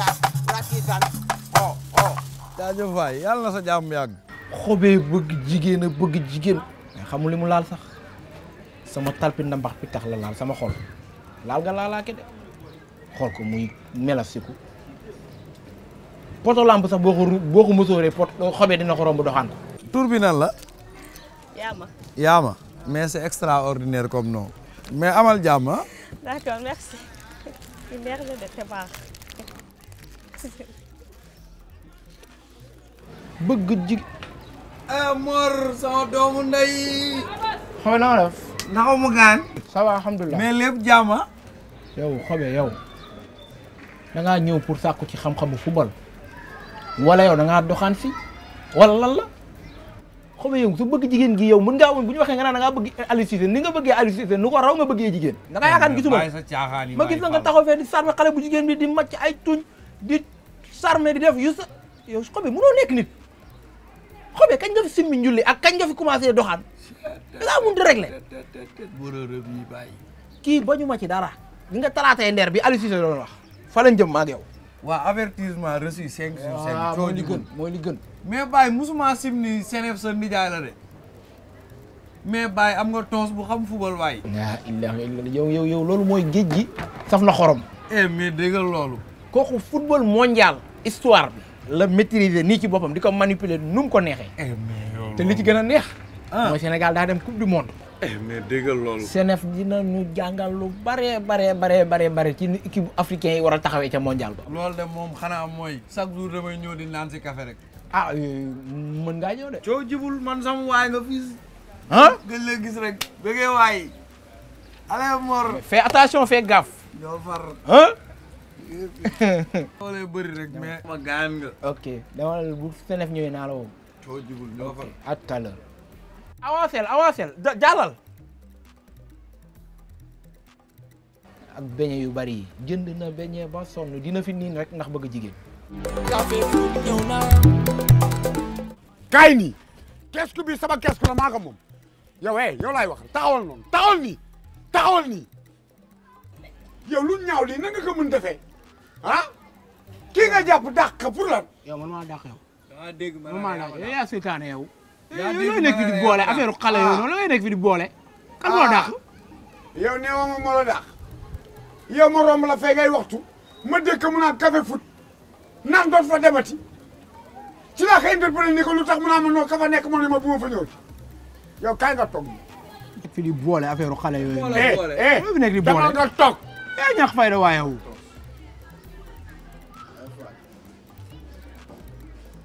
rakitaan rakitaan oh, oh. waay yàlla na sa jàmm yàgg xobee bëgg jigéen bëgg jigéen nga li mu laal sax sama talpi ndambax bi tax la laal sama xol laal nga laalaake de xool ko muy melasiku poto lamp sax boo ko boo pot xobee dina ko romb doxaan ko tur bi nan la yaama mais c'est extraordinaire comme nom mais amal jàmm ah. d'accord merci. Il merde de te Begitu. Amor, sama domun day. Kau bilang apa? Nau makan. Sama alhamdulillah. Melip jama. Ah. Yo, kau bilang yo. Nengah new pursa aku sih kamu kamu football. Walau yo nengah dohan sih. Walau lah. Kau bilang tuh begitu jigen gyo. Munda pun punya kangen nengah begi alisisen. Nengah begi alisisen. Nukar rau nggak begi jigen. Nengah akan gitu mah. Makin sangat kau fair di sana kalau begi jigen di macai tuh di charmer di def yu sa ko be mënoo nek nit xobi kañ nga fi simmi njulli ak kañ nga fi commencé doxaan da ngaa mun di réglé ki bañu ma ci dara di nga talaté ndër bi Aliou Cissé doon wax fa lañ jëm ma ak yow wa avertissement reçu 5 sur 5 mooy li gën mooy li gën mais bay musuma simni ni senef sa nijaay la dé mais bay am nga toos bu xam football waay. waaw yow yow yow loolu moy géej gi saf na xorom. eh mais dégg loolu. kooku football mondial histoire la maîtriser nii ci boppam di ko manipule nu mu ko neexee. Eh, oh, te li ci gën a neex. Ah. mooy Sénégal daa dem coupe du monde. Eh, mais déggal loolu. CNF dina ñu jàngal lu bare bare bare bare bare ci équipe africain yi war a taxawee ca mondial ba. loolu de moom xanaa mooy chaque jour damay ñëw di naan si café rek. ah euh, mën ngaa ñëw de. coow jibul man sama waay nga fii. ah gën la gis rek. bëggee waay. allez Mor. fais attention fais gaffe. ñoo Oke, leen rek mais. ma gaan nga. ok dama bu Senef ñëwee naa la woo. soo ñoo fa. à tout ak beñe yu bari jënd na beñe ba dina fi rek ndax bëgg bi sama kees ku la maa ko yow eh yow laay wax taxawal noonu taxawal nii taxawal nii yow lu ñaaw na nga ko mën ah kii nga jàpp dàq pour lan. yow man maa dàq yow. yow eh, nekk fi di boole affaire xale yow noonu looy nekk fi di boole. kan moo ah. dàq. yow nee ma ma la dàq. yow ma romb la fee ngay waxtu. ma dëkk mu naan café foot. naan doot fa demati. ci lu tax mu naan ma ka fa nekk ma ne ma bu ma fa ñëw yow kaay nga toog. fi di boole affaire xale yooyu. boole boole eh eh dama nga toog. yaa eh, ñàkk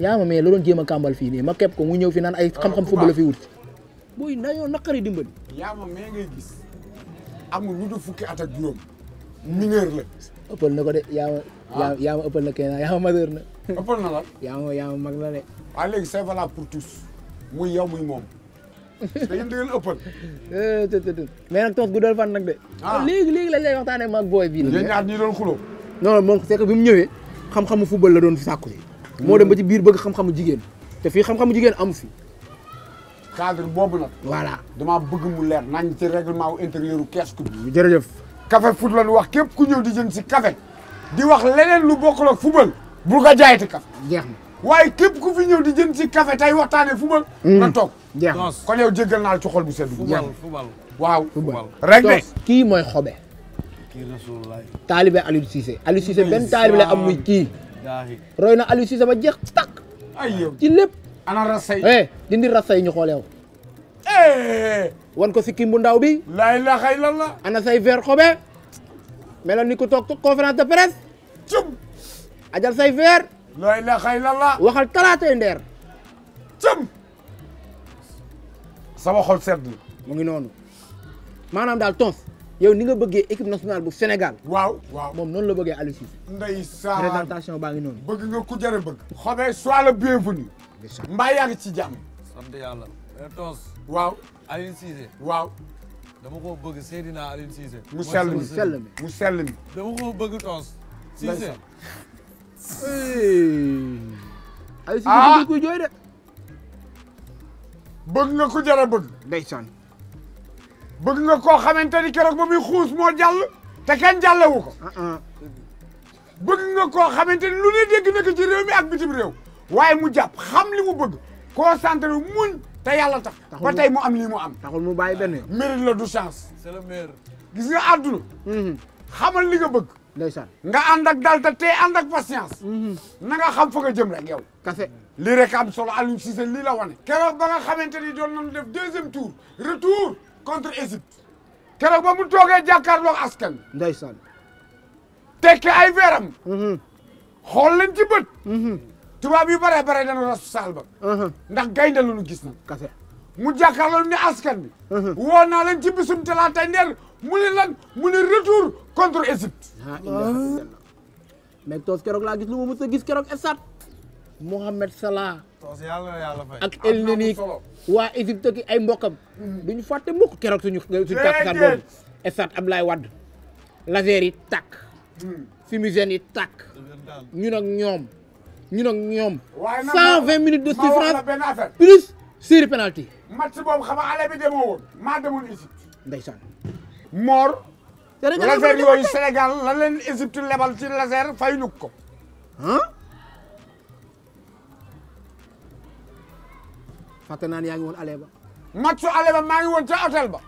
yaa ma mais la doon jéem a kàmbal fii nii ma képp ko mu ñëw fi naan ay xam-xam football la fi wut booy nañoo naqari dimbali yaa ma mais ngay gis amul lu dul fukki at ak juróom mineur ëppal na ko de yaa ma ah. yaa ma ëppal na kenn yaa ma na ëppal na la yaa ma yaa ma mag na de waaw yow muy moom da da ngeen ëppal eh, tëtëtë mais nag toog guddal fan nag de ah. léegi léegi lañ lay waxtaanee maag booy bii yéen ñaar ñi doon xuloo non non moom c'est que bi mu ñëwee xam-xamu la doon sàkku si moo dem ba ci biir bëgg xam jigéen te fii xam-xamu jigéen amu fi cadre boobu nag voilà damaa bëgg mu leer nañ ci règlement wu intérieur u kees ku bi jërëjëf café foot lañu wax képp ku ñëw di jënd si café di wax leneen lu bokkul ak football bu ko jaayati café jeex na waaye képp ku fi ñëw di jënd si café tey waxtaanee football mm. na toog jeex na kon yow jéggal naa la ci xol bu sedd football waaw football rek ne mooy xobe kii Rasulullah taalibe Aliou Cissé Aliou Cissé benn taalibe la am muy kii roy na alusi sama jek tak Ayo. Jilip. ana rasay eh dindi rasay ñu xooleew eh wan ko si bu ndaw bi la ilaha illallah ana say ver xobe melon ni tok tok conférence de presse cum ajal say ver la ilaha illallah waxal talaatay ender. cum sama xol sedd mu ngi noonu maanaam daal yow ni nga bëggee équipe nationale bu Sénégal. waaw waaw moom noonu la bëggee Aliou Cissé. ndeysaan présentation baa ngi noonu. bëgg nga ku jërë bëgg. xobee sois le bienvenu. mbaa yaa ngi ci jàmm. sant yàlla. toos. waaw Aliou Cissé. waaw. dama ko bëgg Seydina Aliou Cissé. mu sell mu sell mi dama ko bëgg toos. Cissé. Aliou ah! بغ نكو خامتاني كروك مامي خوس مو جال تا كان جالو كو بغ نكو خامتاني لولي ديغ نك جي ريومي اك بيتيم ريو واي مو جاب خام لي مو بغ كونسانتري مون تا يالا تا با تاي ام لي ام تاخول مو باي بن مير لا دو شانس سي لو مير غيس نا ادلو خامل لي غا ndaysan nga andak mhm. dal ta te andak patience mhm. na nga xam fa nga jëm rek yow café li rek am solo alu ci sen li la wone kérok ba nga xamanteni do nañ def deuxième tour contre Égypte keroog ba mu toogee jàkkaarloo askan. ndeysaan. tekki ay veeram. Mhm. xool leen ci bët. Mhm. tubaab yu bare bare dañu rasu saal ba. Mhm. ndax gaynde lu nu gis na. kase mu jàkkaarloo ne askan bi. woo naa leen ci bisum talaata ndeer mu ne lan mu ne retour contre Égypte. mais toos keroog laa gis lu ma mës a gis keroog esat Mohamed Salah. ak el neniik waa Égypte ki ay mbokam duñu fàtte mukk keroog suñu suñu tàkkusaan boobu stade Abdoulaye Wade laser yi tàkk hmm. fumigène yi tàkk ñun ak ñoom ñun ak ñoom cent vingt minutes de souffrance plus série penalty match boobu xam nga ale bi demoo woon maa demoon Égypte ndeysaan moor laser Sénégal la leen Égypte lebal ci laser fay ñu ko fàtte naa yaa ngi woon ale ba match ale maa ngi woon ca hôtel ba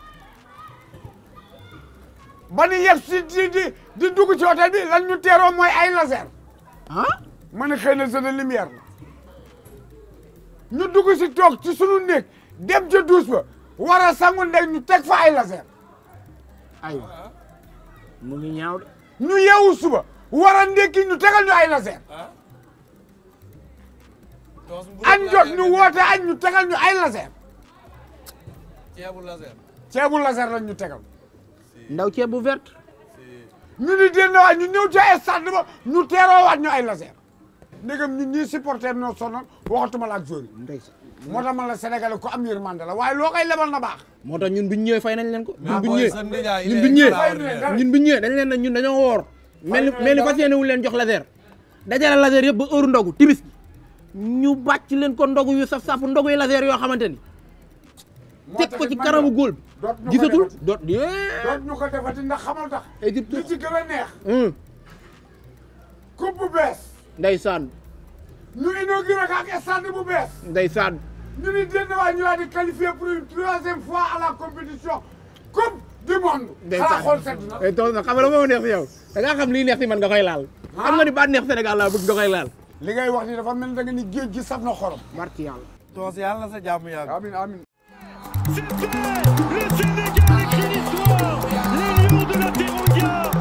ba nu si di di dugg ci hôtel bi lan ñu teeroo mooy ay laser ah ma ne xëy na jeu de lumière ñu dugg si toog ci sunu néeg dem ca douche ba war a sangu ndeg ñu teg fa ay laser aywa mu ngi ñaaw de ñu yeewu suba war a ndékki ñu tegal ay laser añ jot ñu woote añ ñu tegal ñu ay laser. ceebu laser. ceebu laser lañ ñu tegal. ndaw ceebu vert. ñu ni dénn waay ñu ñëw ca stade ba ñu teeroo waat ñu ay laser. ndegam ñun ñii supporter ñoo sonal waxatuma la ak joueur yi. moo tax man la Sénégalais ko am yërmande la waaye loo koy lebal na baax. moo tax ñun bu ñu ñëwee fay nañ leen ko. Ah, ñun bu ñu ñëwee ñun bu ñu ñëwee ñun bu ñu ñëwee dañ leen ne ñun dañoo woor. mel ni mel ni fas yéene wu leen jox laser. dajale laser yëpp ba heure ndogu timis ñu bacc leen ko ndogu yu saf saf ndogu laser yo xamanteni tek ko ci karamu gol gisatul dot ñu ko defati ndax xamal tax egypte li ci gëna neex hmm coupe bes ndaysan ñu inaugurer ak estade bu bes ndaysan ñu ni den wa ñu laa di qualifier pour une troisième fois à la compétition coupe du monde xanaa xol set na eh, toog na xam la neex yow da nga xam li neex si man nga koy laal ah? xam nga ni ba neex senegal la bëgg nga koy laal li ngay wax ni dafa mel da nga ni géej gi saf na xorom. barki yàlla. toos yàlla sa jàmm yàgg. amiin amiin. Super, le Sénégal écrit l'histoire, les lions